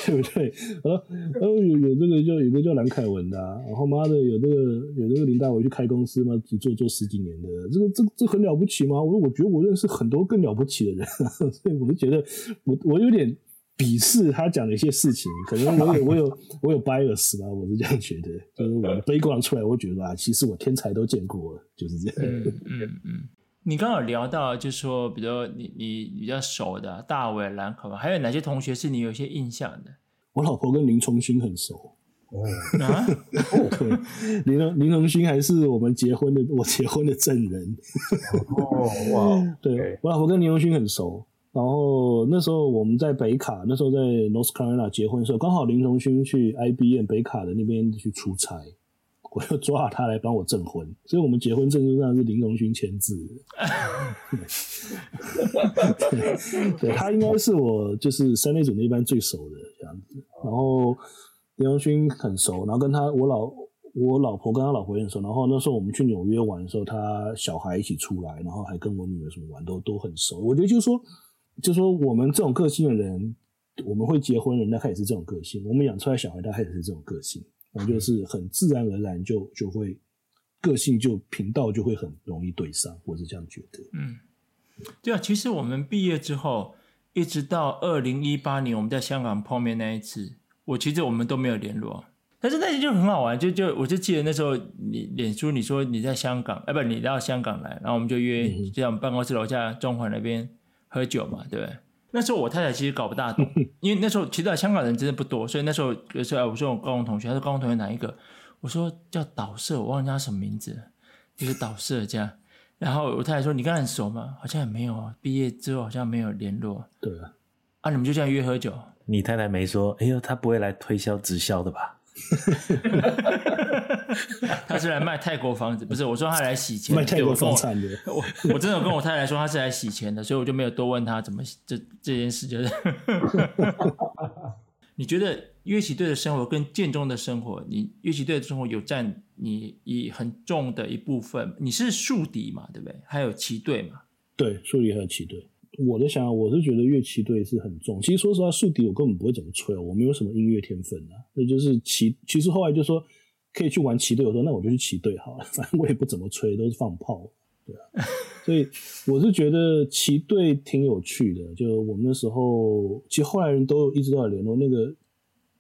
對不對？然後然後有有那個叫有個叫藍凱文的、啊，然後媽的有那、這個有那個林大偉去開公司嘛，做做十幾年的，這個這個這很了不起嗎？我我覺得我認識很多更了不起的人、啊，所以我就覺得我我有點鄙視他講的一些事情，可能我有我有我有 bias 吧，我是這樣覺得，就是我的悲觀出來，我覺得啊，其實我天才都見過，就是這樣、嗯，嗯嗯你剛好聊到，就是說，比如說你你比較熟的，大偉、蘭考，還有哪些同學是你有一些印象的？我老婆跟林崇勳很熟、oh. 啊， 哦、 對，林林崇勳還是我們結婚的，我結婚的證人。哦、 oh, wow. 對，哇，對我老婆跟林崇勳很熟，然後那時候我們在北卡，那時候在 North Carolina 結婚的時候，剛好林崇勳去 IBM 北卡的那邊去出差。我要抓他來幫我證婚，所以我們結婚證書上是林隆勳簽字的 對對。對，他應該是我就是三類組那一班最熟的這樣子。然後林隆勳很熟，然後跟他我老我老婆跟他老婆也很熟。然後那時候我們去紐約玩的時候，他小孩一起出來，然後還跟我女兒什麼玩，都都很熟。我覺得就是說，就是說我們這種個性的人，我們會結婚的人大概也是這種個性。我們養出來小孩，大概也是這種個性。我們就是很自然而然就就會個性就頻道就會很容易對上，我是這樣覺得。嗯，對啊，其實我們畢業之後一直到二零一八年我們在香港碰面那一次，我其實我們都沒有聯絡，但是那一次就很好玩，就就我就記得那時候你臉書，你說你在香港，哎，啊，不，你到香港來，然後我們就約就在我們辦公室樓下中環那邊喝酒嘛，對不對？那時候我太太其實搞不大懂， 因為那時候提到香港人真的不多，所以那時候所以我說我高中同學，他說高中同學哪一個？我說叫倒社，我忘了叫什麼名字，就是倒社這樣。 然後我太太說：“你跟他很熟嗎？好像也沒有，畢業之後好像沒有聯絡。對”對啊，啊你們就這樣約喝酒。你太太沒說，哎呦，他不會來推銷直銷的吧？ 他是來賣泰國房子，不是我說他來洗錢。賣泰國房產的，我 我真的跟我太太說他是來洗錢的，所以我就沒有多問他怎麼這這件事。就是 你覺得樂旗隊的生活跟建中的生活，你樂旗隊的生活有佔你一很重的一部分嗎？你是豎笛嘛，對不對？還有旗隊嘛？對，豎笛還有旗隊。我的想法，我是覺得樂旗隊是很重。其實說實話，豎笛我根本不會怎麼吹哦，我沒有什麼音樂天分啊，那就是其其實後來就說可以去玩旗隊，我說那我就去旗隊好了，反正我也不怎麼吹，都是放炮，對啊。所以我是覺得旗隊挺有趣的。就我們那時候，其實後來人都一直都有聯絡那個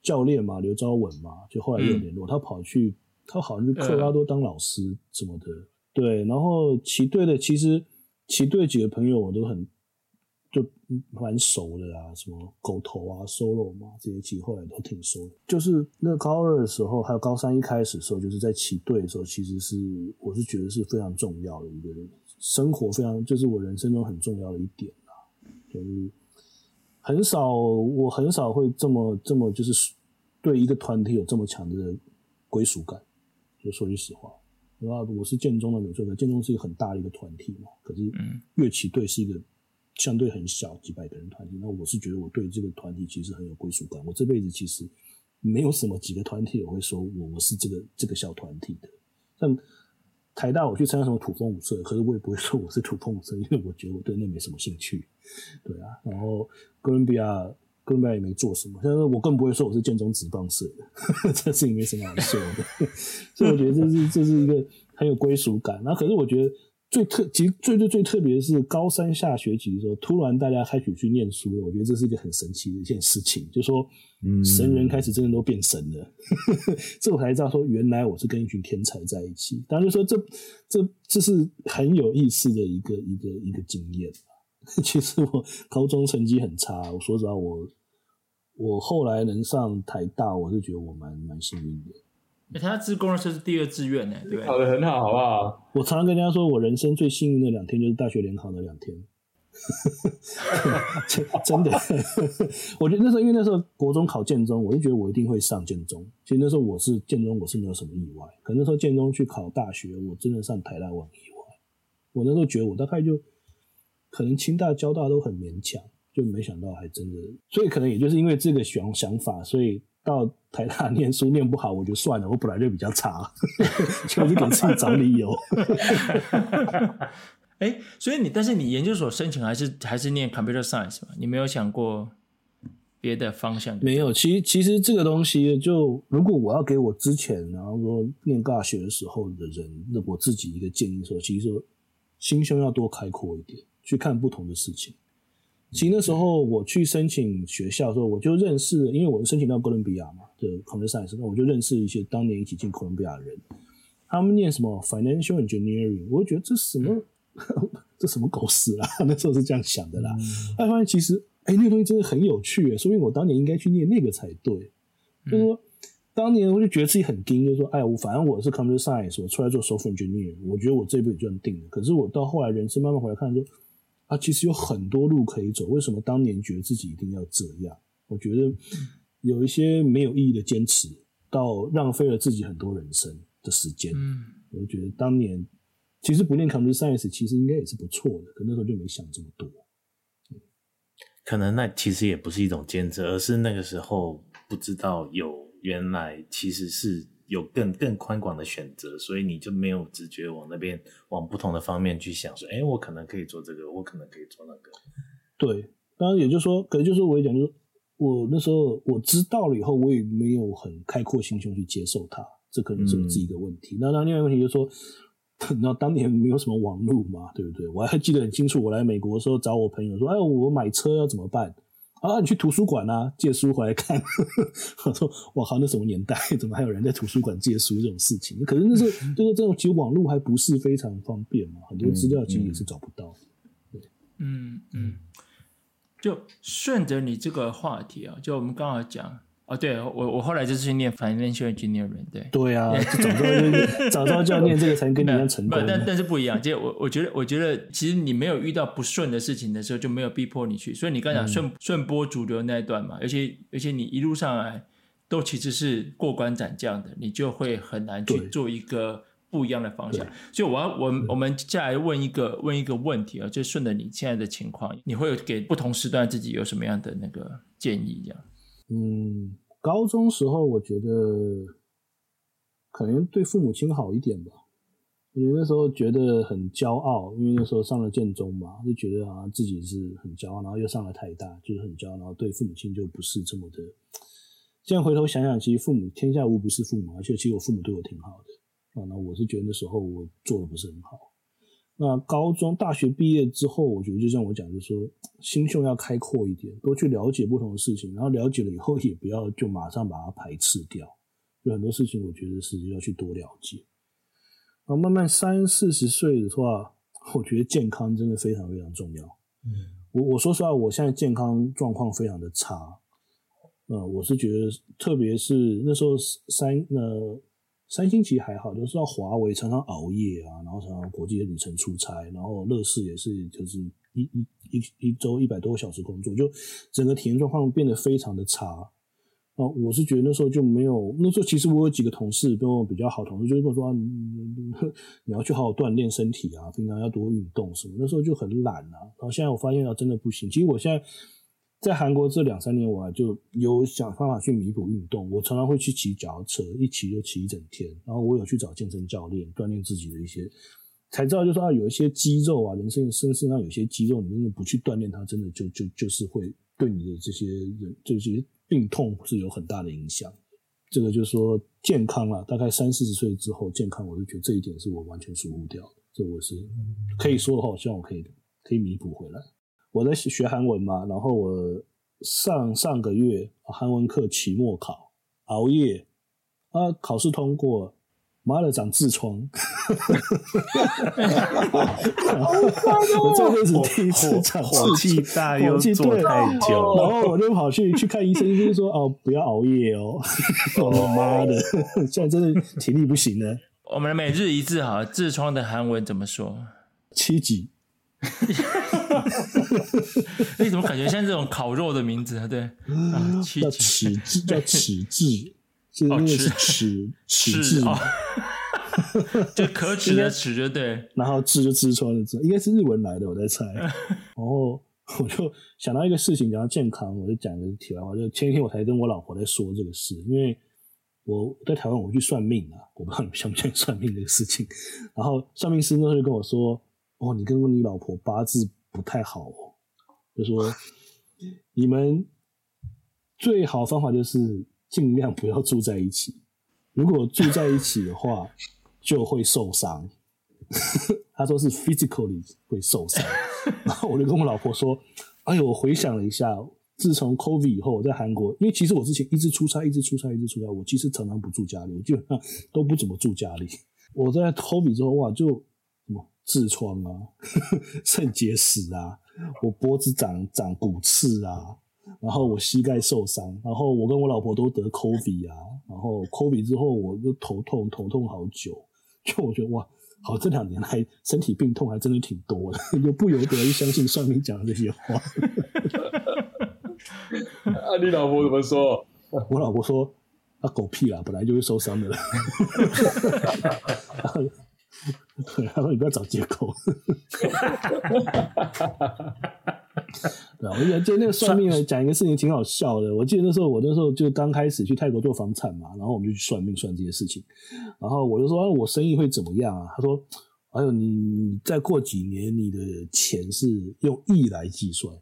教練嘛，劉昭文嘛，就後來有聯絡。嗯、他跑去，他好像去克拉多當老師、嗯、什麼的，對。然後旗隊的，其實旗隊幾個朋友我都很。就蠻熟的啊，什麼狗頭啊、solo 嘛這些，其實後來都挺熟的。就是那個高二的時候，還有高三一開始的時候，就是在旗隊的時候，其實是我是覺得是非常重要的一個生活，非常就是我人生中很重要的一點啦。就是很少，我很少會這麼這麼就是對一個團體有這麼強的歸屬感。就說句實話，對吧？我是建中的美術生，建中是一個很大的一個團體嘛，可是樂旗隊是一個。相對很小，幾百個人團體，那我是覺得我對這個團體其實很有歸屬感。我這輩子其實沒有什麼幾個團體，我會說我我是這個這個小團體的。像台大，我去參加什麼土風舞社，可是我也不會說我是土風舞社，因為我覺得我對那沒什麼興趣。對啊，然後哥倫比亞，哥倫比亞也沒做什麼。但是我更不會說我是建中紙棒社的， 這事情沒什麼好說的。 所以我覺得這是這是一個很有歸屬感。那可是我覺得。最特，其實最最最特別的是高三下學期的時候，突然大家開始去念書了。我覺得這是一個很神奇的一件事情，就說神人開始真的都變神了。呵呵呵， 這我才知道說，原來我是跟一群天才在一起。大家就說，這這這是很有意思的一個一個一個經驗吧。其實我高中成績很差，我說實話，我我後來能上台大，我是覺得我蠻蠻幸運的。欸、他自公的時候是第二志願，對，考得很好，好不好？我常常跟大家說，我人生最幸運的兩天就是大學聯考的兩天。 真的， 我覺得那時候，因為那時候國中考建中，我就覺得我一定會上建中。其實那時候我是建中，我是沒有什麼意外。可能那時候建中去考大學，我真的上台大，我很意外。我那時候覺得我大概就可能清大、交大都很勉強，就沒想到還真的。所以可能也就是因為這個想想法，所以。到台大念書念不好，我就算了。我本來就比較差， 就是給自己找理由。哎、 欸，所以你，但是你研究所申請還是還是念 computer science 嗎？你沒有想過別的方向對不對？沒有。其其實這個東西就，就如果我要給我之前，然後說念大學的時候的人，那我自己一個建議說，其實說心胸要多開闊一點，去看不同的事情。其實那時候我去申請學校的時候，我就認識，因為我申請到哥倫比亞嘛，就 Computer Science，那我就認識一些當年一起進哥倫比亞的人，他們念什麼 Financial Engineering，我就覺得這什麼、嗯、 這什麼狗屎啦，那時候是這樣想的啦。後來、嗯、發現其實，哎、欸，那個東西真的很有趣、欸，說明我當年應該去念那個才對。嗯、就說當年我就覺得自己很驚就是、說哎，我反正我是 Computer Science，我出來做 Software Engineering，我覺得我這輩子就這定了。可是我到後來人生慢慢回來看說，啊、其實有很多路可以走，為什麼當年覺得自己一定要這樣？我覺得有一些沒有意義的堅持，到浪費了自己很多人生的時間。嗯，我覺得當年其實不念 computer science，其實應該也是不錯的，可那時候就沒想這麼多。嗯、可能那其實也不是一種堅持，而是那個時候不知道有原來其實是。有更更寬廣的選擇，所以你就沒有直覺往那邊往不同的方面去想說，說、欸、哎，我可能可以做這個，我可能可以做那個。對，當然也就是說，可能就是我講，就是我那時候我知道了以後，我也沒有很開闊心胸去接受它，這可能是我自己的問題。那、嗯、那另外一個問題就是說，那當年沒有什麼網路嘛，對不對？我還記得很清楚，我來美國的時候找我朋友說，哎，我買車要怎麼辦？啊，你去圖書館啊，借書回來看。 我說，哇，好像那什麼年代，怎麼還有人在圖書館借書這種事情？可能 就是就是這種，其實網絡還不是非常方便嘛，很多資料其實也是找不到。嗯、對，嗯嗯，就順着你這個話題啊，就我們剛好講。哦，對，我我後來就是去念 Financial Engineering，對，對啊，早知道對就念，早知道 就要念這個才能跟你一樣成功。但但是不一樣，就我我覺得，我覺得其實你沒有遇到不順的事情的時候，就沒有逼迫你去，所以你剛講順、嗯、順波主流那一段嘛，而且而且你一路上來都其實是過關斬將的，你就會很難去做一個不一樣的方向。對所以我要我我們再來問一個問一個問題啊、哦，就是順着你現在的情況，你會給不同時段自己有什麼樣的那個建議這樣？嗯，高中時候我覺得可能對父母親好一點吧。我覺得那時候覺得很驕傲，因為那時候上了建中嘛，就覺得啊自己是很驕傲，然後又上了台大，就是很驕傲。然後對父母親就不是這麼的。現在回頭想想，其實父母天下無不是父母，而且其實我父母對我挺好的啊。那我是覺得那時候我做得不是很好。那高中大學畢業之後，我覺得就像我講的說，心胸要開闊一點，多去了解不同的事情，然後了解了以後，也不要就馬上把它排斥掉。有很多事情，我覺得是要去多了解。然後慢慢三四十歲的話，我覺得健康真的非常非常重要。嗯，我我說實話，我現在健康狀況非常的差。呃，我是覺得，特別是那時候三呃。三星其實還好，就是到華為常常熬夜啊，然後常常國際的旅程出差，然後樂視也是，就是一一一一周一百多個小時工作，就整個體驗狀況變得非常的差。哦，我是覺得那時候就沒有，那時候其實我有幾個同事跟我比較好，同事就跟我說啊，你你，你要去好好鍛鍊身體啊，平常要多運動什麼。那時候就很懶啊，然後現在我發現啊，真的不行。其實我現在。在韓國這兩三年，我還就有想辦法去彌補運動。我常常會去騎腳車，一騎就騎一整天。然後我有去找健身教練鍛鍊自己的一些，才知道就是說它有一些肌肉啊，人身身身上有些肌肉，你真的不去鍛鍊，它真的就就就是會對你的這些人，這些病痛是有很大的影響。這個就是說健康啊，大概三四十歲之後，健康我就覺得這一點是我完全疏忽掉的。這我是可以說的話，我希望我可以可以彌補回來。我在學韓文嘛，然後我上上個月韓文課期末考，熬夜，啊，考試通過，媽的長痔瘡，哦、 我這輩子第一次長痔瘡，火氣大又坐太久，了 然後我就跑去去看醫生， 醫生說哦，不要熬夜哦，我 媽、oh, 媽的， 現在真的體力不行呢。我們每日一字，哈，痔瘡的韓文怎麼說？七級集。 哈哈哈！ 你怎麼感覺像這種烤肉的名字啊對啊七七？啊，對，叫尺字，叫尺字，是尺尺字啊，哦、 就可恥的恥就對，在然後字就字穿的字，應該是日文來的，我在猜。 然後我就想到一個事情，講到健康，我就講一個題外話，就前一天我才跟我老婆在說這個事，因為我在台灣，我去算命啊。我不知道你們信不信算命這個事情。然後算命師呢就跟我說：“哦，你跟你老婆八字。”不太好，哦，就說你們最好的方法就是盡量不要住在一起。如果住在一起的話，就會受傷。他說是 physically 會受傷。然後我就跟我老婆說：“哎呦，我回想了一下，自從 COVID 以後，我在韓國，因為其實我之前一直出差，一直出差，一直出差，我其實常常不住家裡，我基本上都不怎麼住家裡。我在 COVID 之後哇，就。”痔瘡啊，腎結石啊，我脖子長長骨刺啊，然後我膝蓋受傷，然後我跟我老婆都得 COVID 啊，然後 COVID 之後我就頭痛，頭痛好久，就我覺得哇，好，這兩年來身體病痛還真的挺多的，又不由得去相信算命講的這些話。 啊，你老婆怎麼說？啊，我老婆說啊，狗屁啦，本來就會受傷的。 啊他說：“然後你不要找借口。”對啊，我記得那個算命的講算一個事情挺好笑的。我記得那時候，我那時候就剛開始去泰國做房產嘛，然後我們就去算命算這些事情。然後我就說：“啊，我生意會怎麼樣啊？”他說：“哎呦，你再過幾年，你的錢是用億來計算，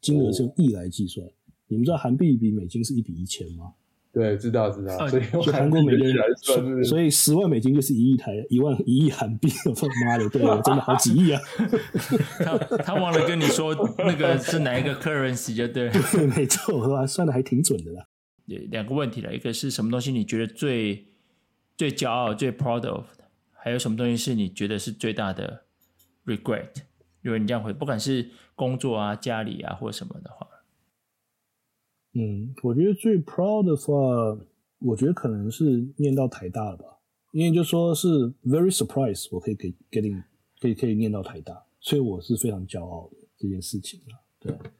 金額是用億來計算。嗯哦、你們知道韓幣比美金是一比一千嗎？”對，知道知道，啊、所以韓國美金，我每所以十萬美金就是一億台，一萬一億韓幣，他媽的，對，真的好幾億啊！ 他他忘了跟你說那個是哪一個 currency 就對，對，沒錯，啊，我算的還挺準的啦。對，兩個問題啦，一個是什麼東西你覺得最最驕傲，最 proud of 還有什麼東西是你覺得是最大的 regret？如果你這樣回，不管是工作啊、家裡啊或什麼的話。嗯，我覺得最 proud 的話，我覺得可能是念到台大了吧，因為就是說是 very surprise，我可以給給你，可以可以念到台大，所以我是非常驕傲的這件事情了，啊。對，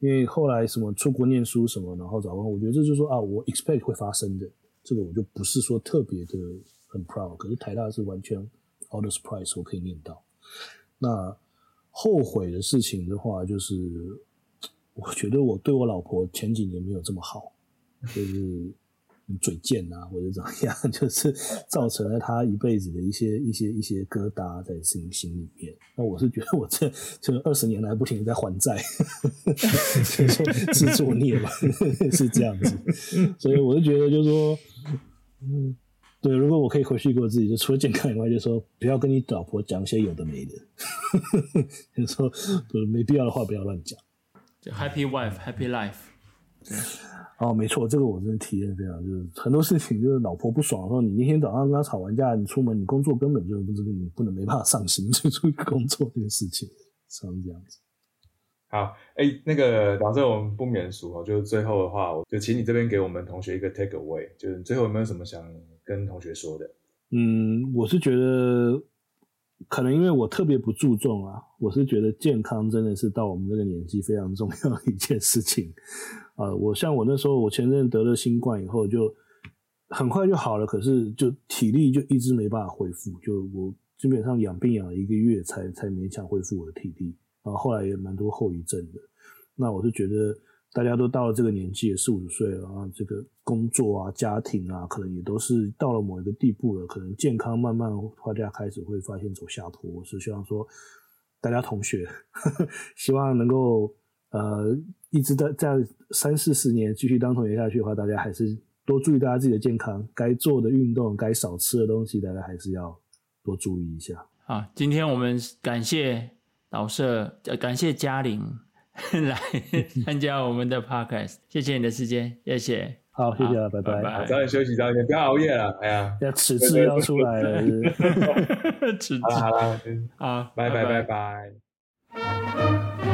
因為後來什麼出國念書什麼，然後找工作，我覺得這就是說啊，我 expect 會發生的，這個我就不是說特別的很 proud，可是台大是完全 all the surprise，我可以念到。那後悔的事情的話，就是。我覺得我對我老婆前幾年沒有這麼好，就是嘴賤啊，或者怎麼樣，就是造成了她一輩子的一些一些一些疙瘩在自己心裡面。那我是覺得我這這二十年來不停的在還債，所 以說自作孽吧， 是這樣子。所以我是覺得就是說，嗯，對，如果我可以回去給我自己，就除了健康以外就是，就說不要跟你老婆講一些有的沒的， 就是說沒必要的話不要亂講。就 Happy Wife, Happy Life。哦，沒錯，這個我真的體驗非常，就是很多事情就是老婆不爽的時候，你一天早上跟她吵完架，你出門你工作根本就不知道你不能沒辦法上心去出去工作這個事情，常常這樣子。好，哎、欸，那個倒社我們不免俗，就最後的話，我就請你這邊給我們同學一個 Take Away，就是最後有沒有什麼想跟同學說的？嗯，我是覺得。可能因為我特別不注重啊，我是覺得健康真的是到我們這個年紀非常重要的一件事情，啊、呃，我像我那時候我前陣得了新冠以後就很快就好了，可是就體力就一直沒辦法恢復，就我基本上養病養了一個月才才勉強恢復我的體力，然後，後來也蠻多後遺症的，那我是覺得。大家都到了這個年紀，四五十歲了，這個工作啊、家庭啊，可能也都是到了某一個地步了。可能健康慢慢的話，大家開始會發現走下坡。是希望說，大家同學，呵呵希望能夠呃，一直在在三四十年繼續當同學下去的話，大家還是多注意大家自己的健康。該做的運動，該少吃的東西，大家還是要多注意一下。好，今天我們感謝倒社，呃，感謝嘉玲。 來參加我們的 podcast 謝謝你的時間，謝謝。好，謝謝了，好拜拜。拜拜，早點休息，早點，不要熬夜了。哎呀，要辭職要出來了。哈好，好，好，拜拜，拜拜。拜拜。